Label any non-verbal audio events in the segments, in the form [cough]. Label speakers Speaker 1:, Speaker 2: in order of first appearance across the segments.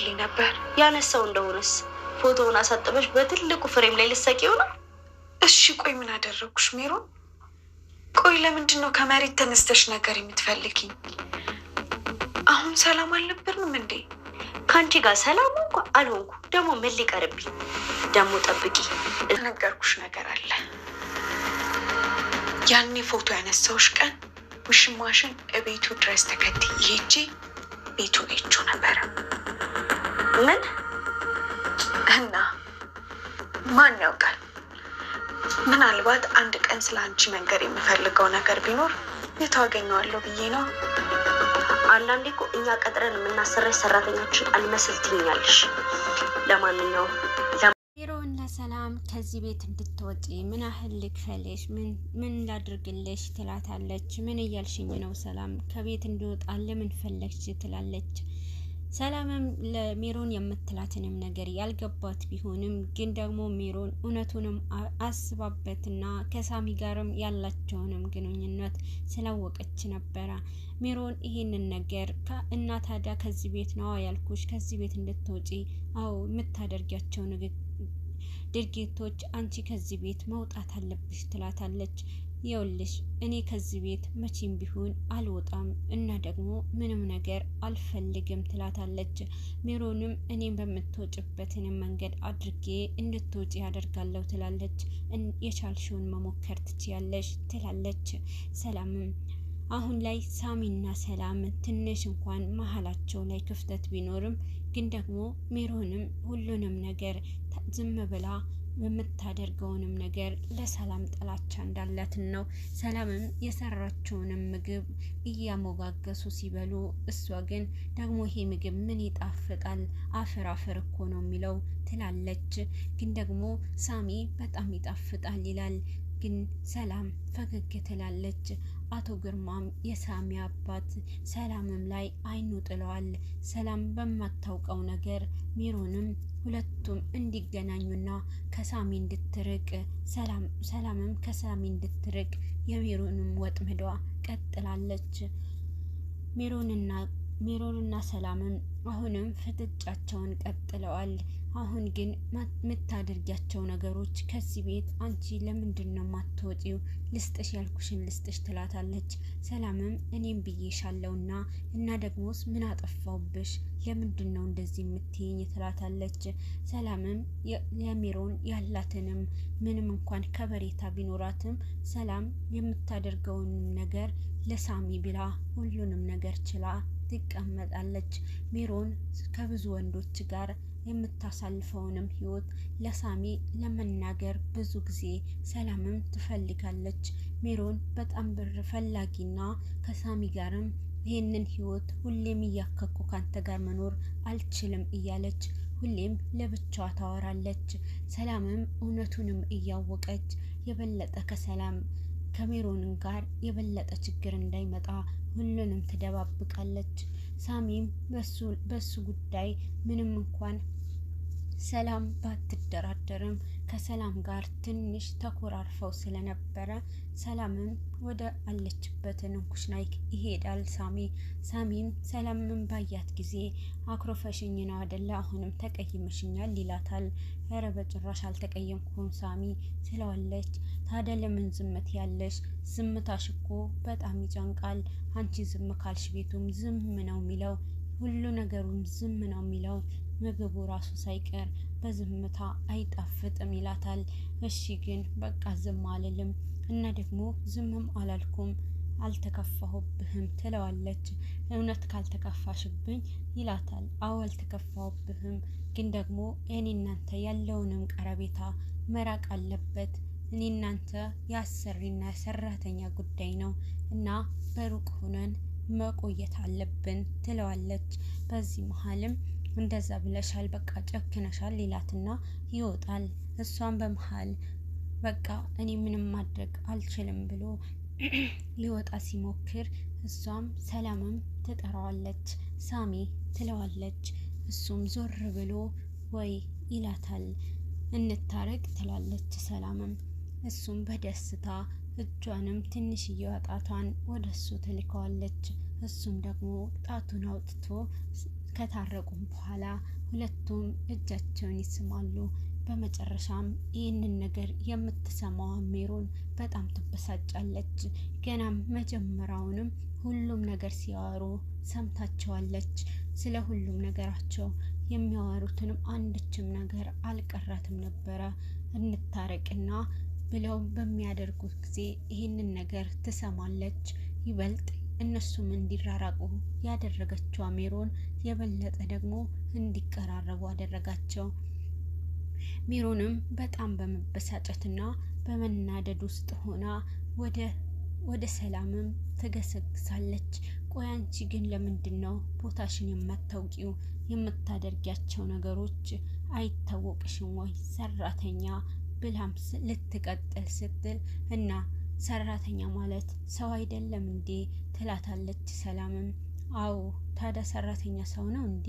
Speaker 1: ትልክልኝ ነበር።
Speaker 2: ያነሳው እንደሆነስ ፎቶውን አሳጥበሽ በትልቁ ፍሬም ላይ ልትሰቂው ነው?
Speaker 1: እሺ ቆይ ምን አደረግኩሽ ሜሮን? ቆይ ለምንድን ነው ከመሬት ተነስተሽ ነገር የምትፈልጊኝ? አሁን ሰላም አልነበርንም እንዴ?
Speaker 2: ከአንቺ ጋር ሰላም እንኳ አልሆንኩ። ደግሞ ምን ሊቀርብኝ ደግሞ? ጠብቂ፣
Speaker 1: ነገርኩሽ ነገር አለ። ያኔ ፎቶ ያነሳውሽ ቀን ውሽማሽን እቤቱ ድረስ ተከትዬ ሄጄ ቤቱ ሄቹ ነበረ። ምን ገና ማን ያውቃል? ምናልባት አንድ ቀን ስለ አንቺ መንገር የምፈልገው ነገር ቢኖር የታገኘዋለሁ ብዬ ነው። አንዳንዴ እኮ እኛ ቀጥረን የምናሰራሽ ሰራተኞችን አልመስል ትኛለሽ። ለማንኛውም
Speaker 3: ሰላም ለሰላም ከዚህ ቤት እንድትወጪ ምን ያህል ልክፈልሽ፣ ምን ላድርግልሽ ትላታለች። ምን እያልሽኝ ነው ሰላም? ከቤት እንዲወጣ ለምን ፈለግሽ? ትላለች ሰላምም ለሚሮን የምትላትንም ነገር ያልገባት ቢሆንም ግን ደግሞ ሚሮን እውነቱንም አስባበትና ከሳሚ ጋርም ያላቸውንም ግንኙነት ስላወቀች ነበረ። ሚሮን ይህንን ነገር እና ታዲያ ከዚህ ቤት ነዋ ያልኩሽ ከዚህ ቤት እንድትወጪ አዎ የምታደርጊያቸው ንግግ ድርጊቶች አንቺ ከዚህ ቤት መውጣት አለብሽ ትላታለች። የውልሽ እኔ ከዚህ ቤት መቼም ቢሆን አልወጣም እና ደግሞ ምንም ነገር አልፈልግም ትላታለች። ሜሮንም እኔም በምትወጭበትን መንገድ አድርጌ እንድትወጪ ያደርጋለሁ ትላለች። የቻልሽውን መሞከር ትችያለሽ ትላለች። ሰላምም አሁን ላይ ሳሚና ሰላም ትንሽ እንኳን መሀላቸው ላይ ክፍተት ቢኖርም ግን ደግሞ ሜሮንም ሁሉንም ነገር ዝም ብላ የምታደርገውንም ነገር ለሰላም ጥላቻ እንዳላትን ነው። ሰላምም የሰራችውንም ምግብ እያሞጋገሱ ሲበሉ፣ እሷ ግን ደግሞ ይሄ ምግብ ምን ይጣፍጣል አፈር አፈር እኮ ነው የሚለው ትላለች። ግን ደግሞ ሳሚ በጣም ይጣፍጣል ይላል። ግን ሰላም ፈገግ ትላለች። አቶ ግርማም የሳሚ አባት ሰላምም ላይ አይኑ ጥለዋል። ሰላም በማታውቀው ነገር ሚሮንም ሁለቱም እንዲገናኙና ከሳሚ እንድትርቅ ሰላምም ከሳሚ እንድትርቅ የሚሮንም ወጥምዷ ቀጥላለች። ሚሮንና ሚሮንና ሰላምም አሁንም ፍጥጫቸውን ቀጥለዋል። አሁን ግን የምታደርጊያቸው ነገሮች ከዚህ ቤት አንቺ ለምንድን ነው የማትወጪው? ልስጥሽ ያልኩሽን ልስጥሽ ትላታለች። ሰላምም እኔም ብዬሻለውና እና ደግሞስ ምን አጠፋውብሽ? ለምንድን ነው እንደዚህ የምትይኝ? ትላታለች። ሰላምም ለሚሮን ያላትንም ምንም እንኳን ከበሬታ ቢኖራትም ሰላም የምታደርገውንም ነገር ለሳሚ ብላ ሁሉንም ነገር ችላ ትቀመጣለች። ሚሮን ከብዙ ወንዶች ጋር የምታሳልፈውንም ህይወት ለሳሚ ለመናገር ብዙ ጊዜ ሰላምም ትፈልጋለች። ሜሮን በጣም ብር ፈላጊና ከሳሚ ጋርም ይህንን ህይወት ሁሌም እያከኩ ካንተ ጋር መኖር አልችልም እያለች ሁሌም ለብቻዋ ታወራለች። ሰላምም እውነቱንም እያወቀች የበለጠ ከሰላም ከሜሮንን ጋር የበለጠ ችግር እንዳይመጣ ሁሉንም ትደባብቃለች። ሳሚም በሱ ጉዳይ ምንም እንኳን ሰላም ባትደራደርም ከሰላም ጋር ትንሽ ተኮራርፈው ስለነበረ ሰላምም ወደ አለችበትን ኩሽናይክ ይሄዳል ሳሚ። ሳሚም ሰላምም ባያት ጊዜ አኩርፈሽኝ ነው አደለ? አሁንም ተቀይመሽኛል ይላታል። ኧረ በጭራሽ አልተቀየምኩም ሳሚ ትለዋለች። ታዲያ ለምን ዝምት ያለሽ? ዝምታሽ እኮ በጣም ይጨንቃል። አንቺ ዝም ካልሽ ቤቱም ዝም ነው የሚለው፣ ሁሉ ነገሩም ዝም ነው የሚለው። ምግቡ ራሱ ሳይቀር በዝምታ አይጣፍጥም ይላታል። እሺ ግን በቃ ዝም አልልም እና ደግሞ ዝምም አላልኩም አልተከፋሁብህም ትለዋለች። እውነት ካልተከፋሽብኝ ይላታል። አዎ አልተከፋሁብህም ግን ደግሞ እኔ እናንተ ያለውንም ቀረቤታ መራቅ አለበት። እኔ እናንተ የአሰሪና የሰራተኛ ጉዳይ ነው እና በሩቅ ሆነን መቆየት አለብን ትለዋለች። በዚህ መሀልም እንደዛ ብለሻል፣ በቃ ጨክነሻል ሌላትና ይወጣል። እሷን በመሀል በቃ እኔ ምንም ማድረግ አልችልም ብሎ [clears throat] ሊወጣ ሲሞክር እሷም ሰላምም ትጠራዋለች፣ ሳሚ ትለዋለች። እሱም ዞር ብሎ ወይ ይላታል። እንታረቅ ትላለች ሰላምም። እሱም በደስታ እጇንም ትንሽየዋ ጣቷን ወደ እሱ ትልከዋለች። እሱም ደግሞ ጣቱን አውጥቶ ከታረቁም በኋላ ሁለቱም እጃቸውን ይስማሉ። በመጨረሻም ይህንን ነገር የምትሰማዋ ሜሮን በጣም ትበሳጫለች። ገናም መጀመሪያውንም ሁሉም ነገር ሲያወሩ ሰምታቸዋለች። ስለ ሁሉም ነገራቸው የሚያወሩትንም አንድችም ነገር አልቀራትም ነበረ። እንታረቅና ብለው በሚያደርጉት ጊዜ ይህንን ነገር ትሰማለች። ይበልጥ እነሱም እንዲራራቁ ያደረገችው ሜሮን የበለጠ ደግሞ እንዲቀራረቡ አደረጋቸው። ሚሮንም በጣም በመበሳጨትና በመናደድ ውስጥ ሆና ወደ ወደ ሰላምም ትገሰግሳለች። ቆይ አንቺ ግን ለምንድን ነው ቦታሽን የማታውቂው? የምታደርጊያቸው ነገሮች አይታወቅሽም ወይ ሰራተኛ ብላም ልትቀጥል ስትል እና ሰራተኛ ማለት ሰው አይደለም እንዴ ትላታለች። ሰላምም አዎ ታዲያ ሰራተኛ ሰው ነው እንዴ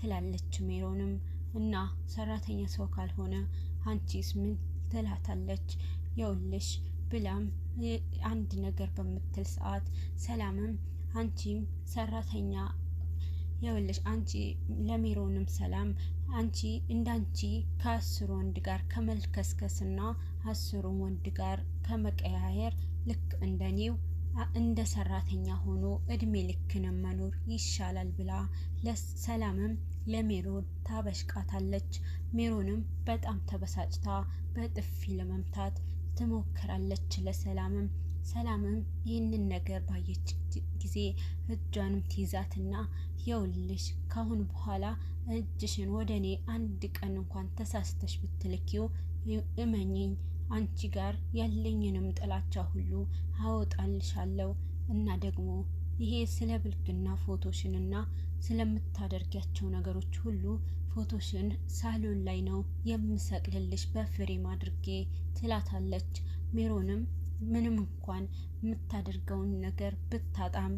Speaker 3: ትላለች ሜሮንም እና ሰራተኛ ሰው ካልሆነ አንቺስ ምን ትላታለች? የውልሽ ብላም አንድ ነገር በምትል ሰዓት ሰላምም አንቺም ሰራተኛ የውልሽ አንቺ ለሚሮንም ሰላም አንቺ እንዳንቺ ከአስሩ ወንድ ጋር ከመልከስከስና አስሩ ወንድ ጋር ከመቀያየር ልክ እንደኔው እንደ ሰራተኛ ሆኖ እድሜ ልክንም መኖር ይሻላል ብላ ለሰላምም ለሜሮን ታበሽቃታለች። ሜሮንም በጣም ተበሳጭታ በጥፊ ለመምታት ትሞክራለች ለሰላምም። ሰላምም ይህንን ነገር ባየች ጊዜ እጇንም ትይዛትና የውልሽ ካሁን በኋላ እጅሽን ወደ እኔ አንድ ቀን እንኳን ተሳስተሽ ብትልኪው እመኝኝ አንቺ ጋር ያለኝንም ጥላቻ ሁሉ አወጣልሻለሁ እና ደግሞ ይሄ ስለ ብልግና ፎቶሽን እና ስለምታደርጊያቸው ነገሮች ሁሉ ፎቶሽን ሳሎን ላይ ነው የምሰቅልልሽ በፍሬም አድርጌ ትላታለች። ሜሮንም ምንም እንኳን የምታደርገውን ነገር ብታጣም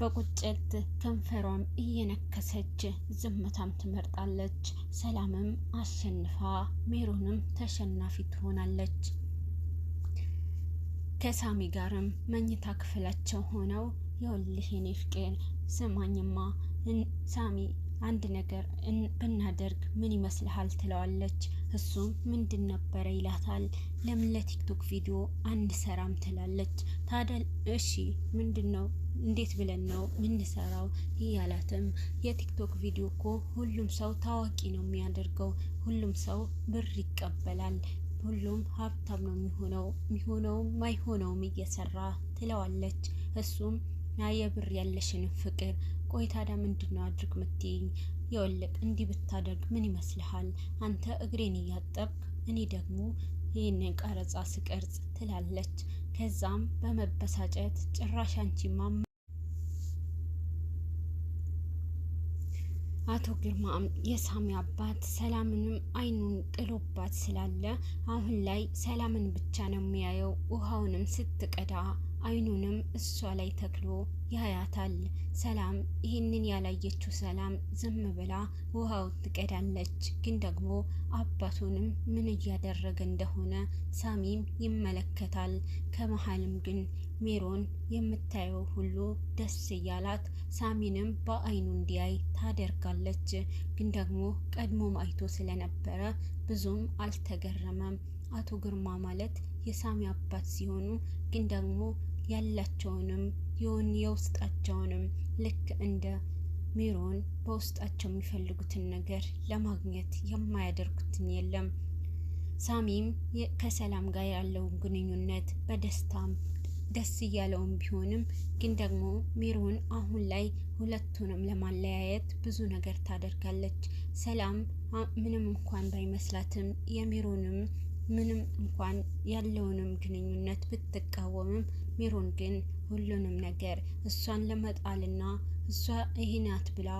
Speaker 3: በቁጭት ከንፈሯም እየነከሰች ዝምታም ትመርጣለች። ሰላምም አሸንፋ ሜሮንም ተሸናፊ ትሆናለች። ከሳሚ ጋርም መኝታ ክፍላቸው ሆነው የወልህ የኔ ፍቅር ስማኝማ፣ ሳሚ አንድ ነገር ብናደርግ ምን ይመስልሃል? ትለዋለች እሱም ምንድን ነበረ ይላታል። ለምን ለቲክቶክ ቪዲዮ አንሰራም ትላለች። ታዲያ እሺ ምንድን ነው እንዴት ብለን ነው ምንሰራው እያላትም የቲክቶክ ቪዲዮ እኮ ሁሉም ሰው ታዋቂ ነው የሚያደርገው፣ ሁሉም ሰው ብር ይቀበላል፣ ሁሉም ሀብታም ነው የሚሆነው የሚሆነውም ማይሆነውም እየሰራ ትለዋለች። እሱም የብር ያለሽንም ፍቅር ቆይ ታዲያ ምንድን ነው አድርግ ምትይኝ የወለቅ እንዲህ ብታደርግ ምን ይመስልሃል? አንተ እግሬን እያጠብክ እኔ ደግሞ ይህንን ቀረጻ ስቀርጽ ትላለች። ከዛም በመበሳጨት ጭራሽ አንቺማ አቶ ግርማም የሳሚ አባት ሰላምንም አይኑን ጥሎባት ስላለ አሁን ላይ ሰላምን ብቻ ነው የሚያየው። ውሃውንም ስትቀዳ አይኑንም እሷ ላይ ተክሎ ያያታል። ሰላም ይህንን ያላየችው ሰላም ዝም ብላ ውሃው ትቀዳለች። ግን ደግሞ አባቱንም ምን እያደረገ እንደሆነ ሳሚም ይመለከታል። ከመሀልም ግን ሜሮን የምታየው ሁሉ ደስ እያላት ሳሚንም በአይኑ እንዲያይ ታደርጋለች። ግን ደግሞ ቀድሞም አይቶ ስለነበረ ብዙም አልተገረመም። አቶ ግርማ ማለት የሳሚ አባት ሲሆኑ ግን ደግሞ ያላቸውንም ይሁን የውስጣቸውንም ልክ እንደ ሚሮን በውስጣቸው የሚፈልጉትን ነገር ለማግኘት የማያደርጉትን የለም። ሳሚም ከሰላም ጋር ያለውን ግንኙነት በደስታም ደስ እያለውም ቢሆንም ግን ደግሞ ሚሮን አሁን ላይ ሁለቱንም ለማለያየት ብዙ ነገር ታደርጋለች። ሰላም ምንም እንኳን ባይመስላትም የሚሮንም ምንም እንኳን ያለውንም ግንኙነት ብትቃወምም ሜሮን ግን ሁሉንም ነገር እሷን ለመጣልና እሷ ይህናት ብላ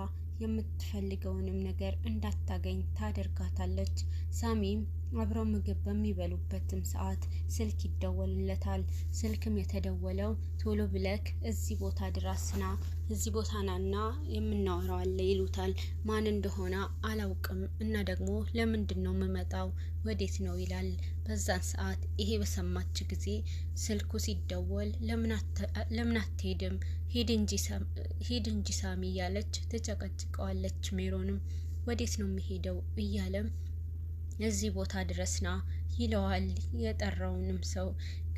Speaker 3: የምትፈልገውንም ነገር እንዳታገኝ ታደርጋታለች። ሳሚም አብረው ምግብ በሚበሉበትም ሰዓት ስልክ ይደወልለታል። ስልክም የተደወለው ቶሎ ብለክ እዚህ ቦታ ድራስና እዚህ ቦታ ናና የምናወራው ይሉታል። ማን እንደሆነ አላውቅም እና ደግሞ ለምንድን ነው የምመጣው ወዴት ነው ይላል። በዛን ሰዓት ይሄ በሰማች ጊዜ ስልኩ ሲደወል ለምን አትሄድም ሂድ እንጂ ሳሚ እያለች ተጨቀጭቀዋለች። ሜሮንም ወዴት ነው የሚሄደው እያለም እዚህ ቦታ ድረስ ና ይለዋል የጠራውንም ሰው።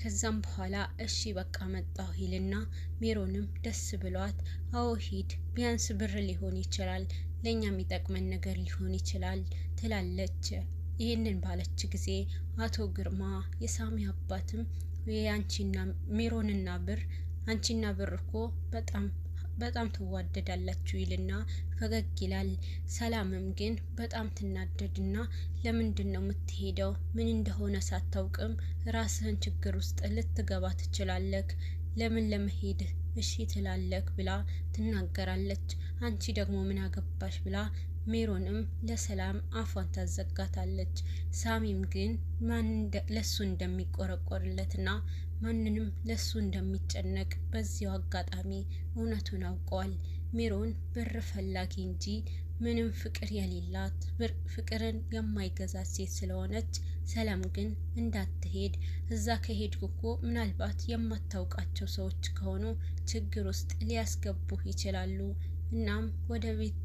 Speaker 3: ከዛም በኋላ እሺ በቃ መጣሁ ይልና ሜሮንም ደስ ብሏት አዎ ሂድ፣ ቢያንስ ብር ሊሆን ይችላል ለእኛ የሚጠቅመን ነገር ሊሆን ይችላል ትላለች። ይህንን ባለች ጊዜ አቶ ግርማ የሳሚ አባትም የአንቺና ሜሮንና ብር አንቺና ብር እኮ በጣም በጣም ትዋደዳላችሁ ይልና ፈገግ ይላል። ሰላምም ግን በጣም ትናደድና ለምንድን ነው የምትሄደው? ምን እንደሆነ ሳታውቅም ራስህን ችግር ውስጥ ልትገባ ትችላለህ። ለምን ለመሄድ እሺ ትላለህ ብላ ትናገራለች። አንቺ ደግሞ ምን አገባሽ ብላ ሜሮንም ለሰላም አፏን ታዘጋታለች። ሳሚም ግን ለሱ እንደሚቆረቆርለትና ማንንም ለሱ እንደሚጨነቅ በዚያው አጋጣሚ እውነቱን አውቀዋል። ሜሮን ብር ፈላጊ እንጂ ምንም ፍቅር የሌላት ፍቅርን የማይገዛት ሴት ስለሆነች፣ ሰላም ግን እንዳትሄድ እዛ ከሄድ እኮ ምናልባት የማታውቃቸው ሰዎች ከሆኑ ችግር ውስጥ ሊያስገቡህ ይችላሉ እናም ወደ ቤት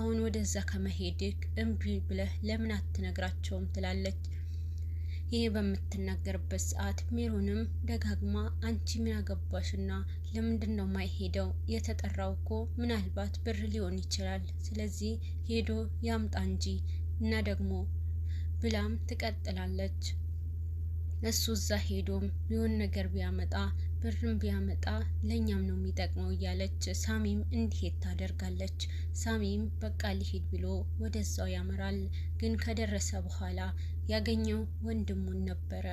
Speaker 3: አሁን ወደዛ ከመሄድ እምቢ ብለህ ለምን አትነግራቸውም ትላለች። ይህ በምትናገርበት ሰዓት ሜሮንም ደጋግማ አንቺ ምን አገባሽና ለምንድን ነው ማይሄደው? የተጠራው እኮ ምናልባት ብር ሊሆን ይችላል። ስለዚህ ሄዶ ያምጣ እንጂ እና ደግሞ ብላም ትቀጥላለች። እሱ እዛ ሄዶም የሆን ነገር ቢያመጣ ብርም ቢያመጣ ለእኛም ነው የሚጠቅመው እያለች ሳሚም እንዲሄድ ታደርጋለች። ሳሚም በቃ ሊሄድ ብሎ ወደዛው ያመራል። ግን ከደረሰ በኋላ ያገኘው ወንድሙን ነበረ።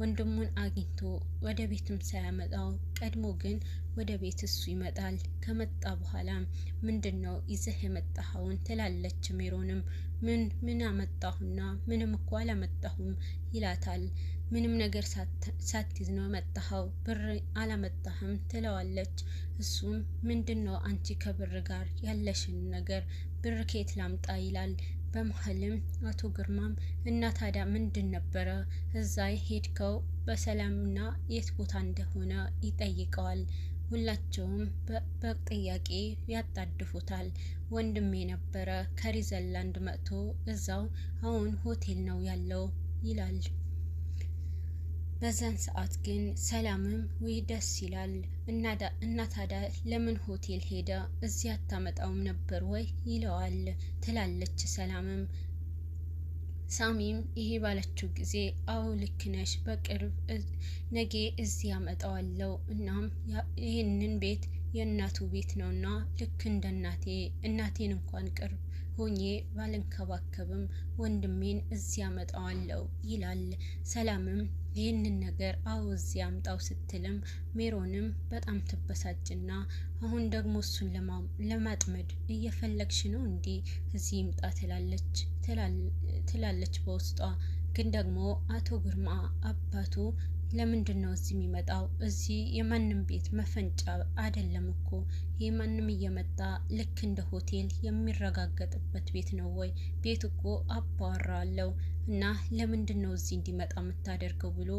Speaker 3: ወንድሙን አግኝቶ ወደ ቤትም ሳያመጣው ቀድሞ ግን ወደ ቤት እሱ ይመጣል። ከመጣ በኋላ ምንድን ነው ይዘህ የመጣኸውን ትላለች ሜሮንም ምን ምን አመጣሁና ምንም እኮ አላመጣሁም ይላታል። ምንም ነገር ሳትይዝ ነው መጣኸው፣ ብር አላመጣህም ትለዋለች። እሱም ምንድን ነው አንቺ ከብር ጋር ያለሽን ነገር ብር ኬት ላምጣ ይላል። በመሀልም አቶ ግርማም እና ታዲያ ምንድን ነበረ እዛ ሄድከው በሰላምና የት ቦታ እንደሆነ ይጠይቀዋል። ሁላቸውም በጥያቄ ያጣድፉታል። ወንድሜ ነበረ ከሪዘላንድ መጥቶ እዛው አሁን ሆቴል ነው ያለው ይላል። በዛን ሰዓት ግን ሰላምም ውይ ደስ ይላል እና ታዲያ ለምን ሆቴል ሄደ እዚህ አታመጣውም ነበር ወይ ይለዋል ትላለች ሰላምም ሳሚም ይሄ ባለችው ጊዜ አዎ ልክ ነሽ በቅርብ ነጌ እዚህ ያመጣዋለው እናም ይህንን ቤት የእናቱ ቤት ነውና ልክ እንደ እናቴ እናቴን እንኳን ቅርብ ሆኜ ባልንከባከብም ወንድሜን እዚህ ያመጣዋለው ይላል ሰላምም ይህንን ነገር አዎ እዚህ አምጣው ስትልም ሜሮንም በጣም ትበሳጭና አሁን ደግሞ እሱን ለማጥመድ እየፈለግሽ ነው እንዲ እዚህ ይምጣ ትላለች በውስጧ። ግን ደግሞ አቶ ግርማ አባቱ ለምንድን ነው እዚህ የሚመጣው? እዚህ የማንም ቤት መፈንጫ አይደለም እኮ ይህ ማንም እየመጣ ልክ እንደ ሆቴል የሚረጋገጥበት ቤት ነው ወይ? ቤት እኮ አባወራ አለው። እና ለምንድን ነው እዚህ እንዲመጣ የምታደርገው ብሎ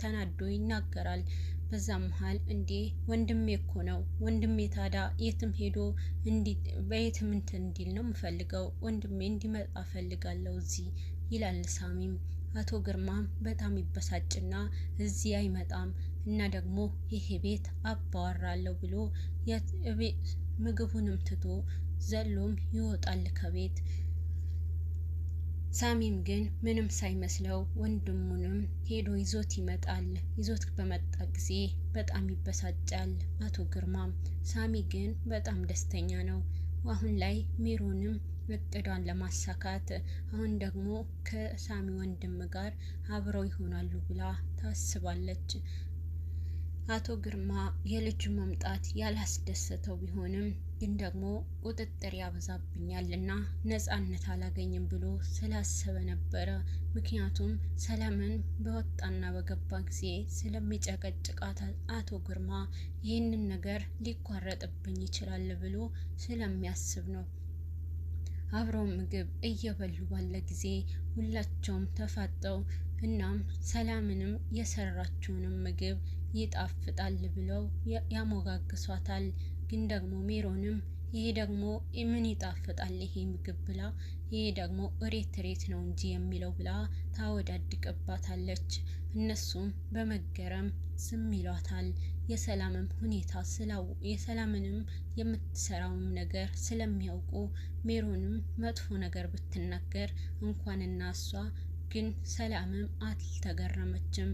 Speaker 3: ተናዶ ይናገራል። በዛ መሀል እንዴ ወንድሜ እኮ ነው ወንድሜ ታዳ የትም ሄዶ በየትም እንትን እንዲል ነው የምፈልገው ወንድሜ እንዲመጣ ፈልጋለሁ እዚህ ይላል ሳሚም። አቶ ግርማም በጣም ይበሳጭና እዚህ አይመጣም እና ደግሞ ይሄ ቤት አባዋራለሁ ብሎ ምግቡንም ትቶ ዘሎም ይወጣል ከቤት። ሳሚም ግን ምንም ሳይመስለው ወንድሙንም ሄዶ ይዞት ይመጣል። ይዞት በመጣ ጊዜ በጣም ይበሳጫል አቶ ግርማም። ሳሚ ግን በጣም ደስተኛ ነው። አሁን ላይ ሚሮንም እቅዷን ለማሳካት አሁን ደግሞ ከሳሚ ወንድም ጋር አብረው ይሆናሉ ብላ ታስባለች። አቶ ግርማ የልጁ መምጣት ያላስደሰተው ቢሆንም ግን ደግሞ ቁጥጥር ያበዛብኛል እና ነጻነት አላገኝም ብሎ ስላሰበ ነበረ። ምክንያቱም ሰላምን በወጣና በገባ ጊዜ ስለሚጨቀጭቃት አቶ ግርማ ይህንን ነገር ሊቋረጥብኝ ይችላል ብሎ ስለሚያስብ ነው። አብረው ምግብ እየበሉ ባለ ጊዜ ሁላቸውም ተፋጠው እናም ሰላምንም የሰራችውንም ምግብ ይጣፍጣል ብለው ያሞጋግሷታል። ግን ደግሞ ሜሮንም ይሄ ደግሞ ምን ይጣፍጣል ይሄ ምግብ ብላ ይሄ ደግሞ እሬት እሬት ነው እንጂ የሚለው ብላ ታወዳድቅባታለች። እነሱም በመገረም ዝም ይሏታል። የሰላምም ሁኔታ የሰላምንም የምትሰራውም ነገር ስለሚያውቁ ሜሮንም መጥፎ ነገር ብትናገር እንኳን እናሷ ግን ሰላምም አልተገረመችም።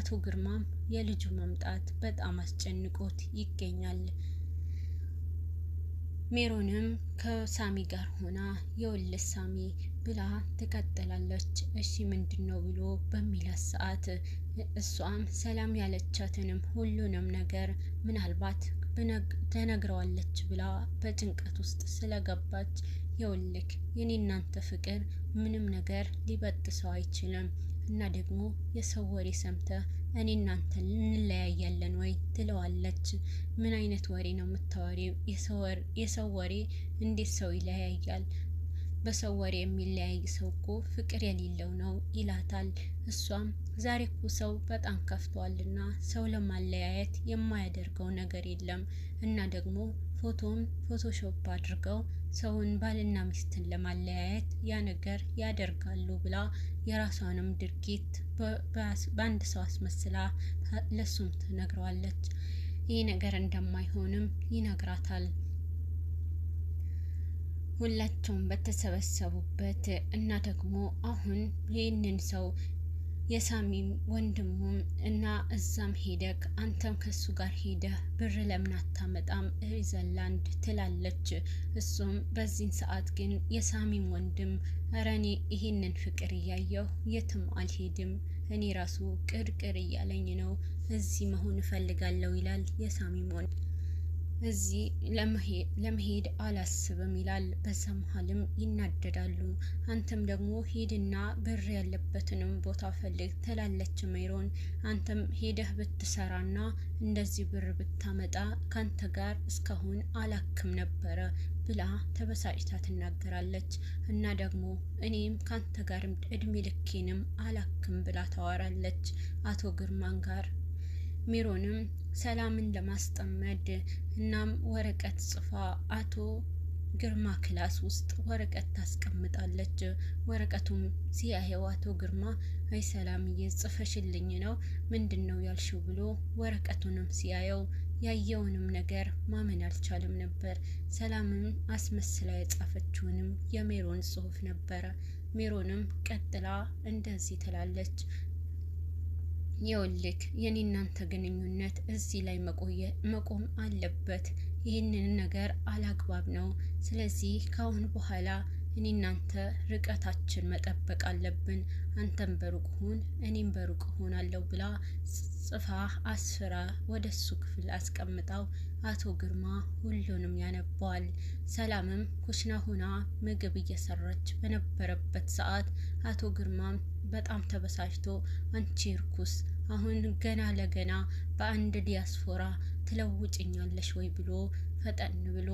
Speaker 3: አቶ ግርማም የልጁ መምጣት በጣም አስጨንቆት ይገኛል። ሜሮንም ከሳሚ ጋር ሆና የወለስ ሳሚ ብላ ትቀጥላለች። እሺ ምንድን ነው ብሎ በሚላት ሰዓት እሷም ሰላም ያለቻትንም ሁሉንም ነገር ምናልባት ተነግረዋለች ብላ በጭንቀት ውስጥ ስለገባች የውልክ የኔ እናንተ ፍቅር ምንም ነገር ሊበጥሰው አይችልም እና ደግሞ የሰው ወሬ ሰምተ እኔ እናንተ እንለያያለን ወይ ትለዋለች። ምን አይነት ወሬ ነው የምታወሪ? የሰው ወሬ እንዴት ሰው ይለያያል? በሰው ወሬ የሚለያይ ሰው እኮ ፍቅር የሌለው ነው ይላታል። እሷም ዛሬ እኮ ሰው በጣም ከፍቷልና ሰው ለማለያየት የማያደርገው ነገር የለም እና ደግሞ ፎቶን ፎቶሾፕ አድርገው ሰውን ባልና ሚስትን ለማለያየት ያ ነገር ያደርጋሉ ብላ የራሷንም ድርጊት በአንድ ሰው አስመስላ ለሱም ትነግረዋለች። ይህ ነገር እንደማይሆንም ይነግራታል። ሁላቸውም በተሰበሰቡበት እና ደግሞ አሁን ይህንን ሰው የሳሚም ወንድሙ እና እዛም ሄደክ አንተም ከሱ ጋር ሄደህ ብር ለምን አታመጣም ዘላንድ ትላለች። እሱም በዚህን ሰዓት ግን የሳሚም ወንድም ረኔ ይሄንን ይህንን ፍቅር እያየሁ የትም አልሄድም እኔ ራሱ ቅርቅር እያለኝ ነው እዚህ መሆን እፈልጋለሁ ይላል የሳሚም ወንድም። እዚህ ለመሄድ አላስብም ይላል። በዛ መሀልም ይናደዳሉ። አንተም ደግሞ ሂድና ብር ያለበትንም ቦታ ፈልግ ትላለች ሜሮን። አንተም ሄደህ ብትሰራና እንደዚህ ብር ብታመጣ ካንተ ጋር እስካሁን አላክም ነበረ ብላ ተበሳጭታ ትናገራለች። እና ደግሞ እኔም ካንተ ጋር እድሜ ልኬንም አላክም ብላ ታወራለች አቶ ግርማን ጋር ሚሮንም። ሰላምን ለማስጠመድ። እናም ወረቀት ጽፋ አቶ ግርማ ክላስ ውስጥ ወረቀት ታስቀምጣለች። ወረቀቱም ሲያየው አቶ ግርማ አይ ሰላም ጽፈሽልኝ ነው ምንድን ነው ያልሽው? ብሎ ወረቀቱንም ሲያየው ያየውንም ነገር ማመን አልቻለም ነበር። ሰላምም አስመስላ የጻፈችውንም የሜሮን ጽሁፍ ነበረ። ሜሮንም ቀጥላ እንደዚህ ትላለች። የውልክ የኔ እናንተ ግንኙነት እዚህ ላይ መቆየ መቆም አለበት። ይህንን ነገር አላግባብ ነው። ስለዚህ ከአሁን በኋላ እኔ እናንተ ርቀታችን መጠበቅ አለብን። አንተም በሩቅ ሁን፣ እኔም በሩቅ ሆናለሁ ብላ ጽፋ አስፍራ ወደ እሱ ክፍል አስቀምጣው አቶ ግርማ ሁሉንም ያነባዋል። ሰላምም ኩሽና ሆና ምግብ እየሰራች በነበረበት ሰዓት አቶ ግርማም በጣም ተበሳጭቶ አንቺ እርኩስ አሁን ገና ለገና በአንድ ዲያስፖራ ትለውጭኛለሽ ወይ ብሎ ፈጠን ብሎ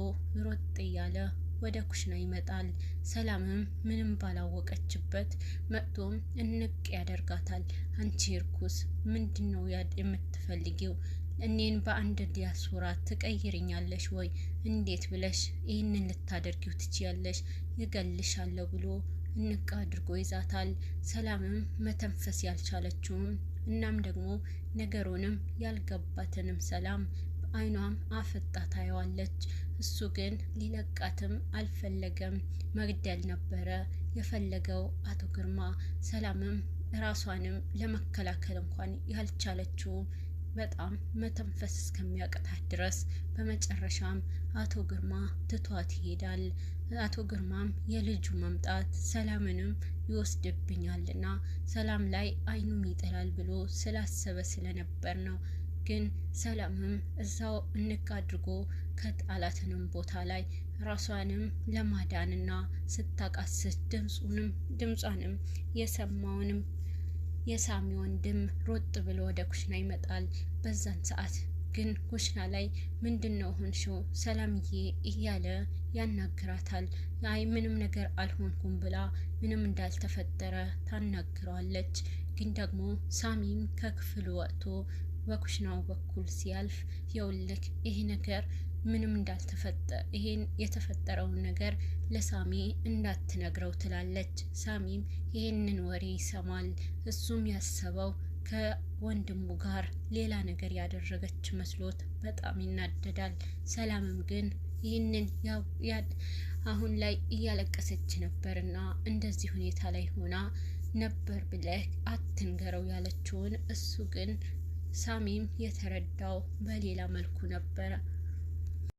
Speaker 3: ሮጥ እያለ ወደ ኩሽና ይመጣል። ሰላምም ምንም ባላወቀችበት መጥቶም እንቅ ያደርጋታል። አንቺ እርኩስ ምንድን ነው የምትፈልጊው? እኔን በአንድ ዲያስፖራ ትቀይርኛለሽ ወይ? እንዴት ብለሽ ይህንን ልታደርጊው ትችያለሽ? ይገልሻለሁ ብሎ እንቅ አድርጎ ይዛታል። ሰላምም መተንፈስ ያልቻለችውም እናም ደግሞ ነገሩንም ያልገባትንም ሰላም አይኗም አፍጣ ታየዋለች። እሱ ግን ሊለቃትም አልፈለገም። መግደል ነበረ የፈለገው አቶ ግርማ። ሰላምም ራሷንም ለመከላከል እንኳን ያልቻለችው በጣም መተንፈስ እስከሚያቅታት ድረስ በመጨረሻም አቶ ግርማ ትቷት ይሄዳል። አቶ ግርማም የልጁ መምጣት ሰላምንም ይወስድብኛልና ሰላም ላይ አይኑም ይጥላል ብሎ ስላሰበ ስለነበር ነው። ግን ሰላምም እዛው እንቅ አድርጎ ከጣላትንም ቦታ ላይ ራሷንም ለማዳንና ስታቃስት ድምፁንም ድምጿንም የሰማውንም የሳሚ ወንድም ሮጥ ብሎ ወደ ኩሽና ይመጣል። በዛን ሰዓት ግን ኩሽና ላይ ምንድን ነው ሆንሽው ሰላምዬ እያለ ያናግራታል። አይ ምንም ነገር አልሆንኩም ብላ ምንም እንዳልተፈጠረ ታናግረዋለች። ግን ደግሞ ሳሚም ከክፍሉ ወጥቶ በኩሽናው በኩል ሲያልፍ የውልክ ይህ ነገር ምንም እንዳልተፈጠ ይሄን የተፈጠረውን ነገር ለሳሚ እንዳትነግረው ትላለች። ሳሚም ይሄንን ወሬ ይሰማል። እሱም ያሰበው ከወንድሙ ጋር ሌላ ነገር ያደረገች መስሎት በጣም ይናደዳል። ሰላምም ግን ይህንን አሁን ላይ እያለቀሰች ነበርና እንደዚህ ሁኔታ ላይ ሆና ነበር ብለህ አትንገረው ያለችውን እሱ ግን ሳሚም የተረዳው በሌላ መልኩ ነበረ።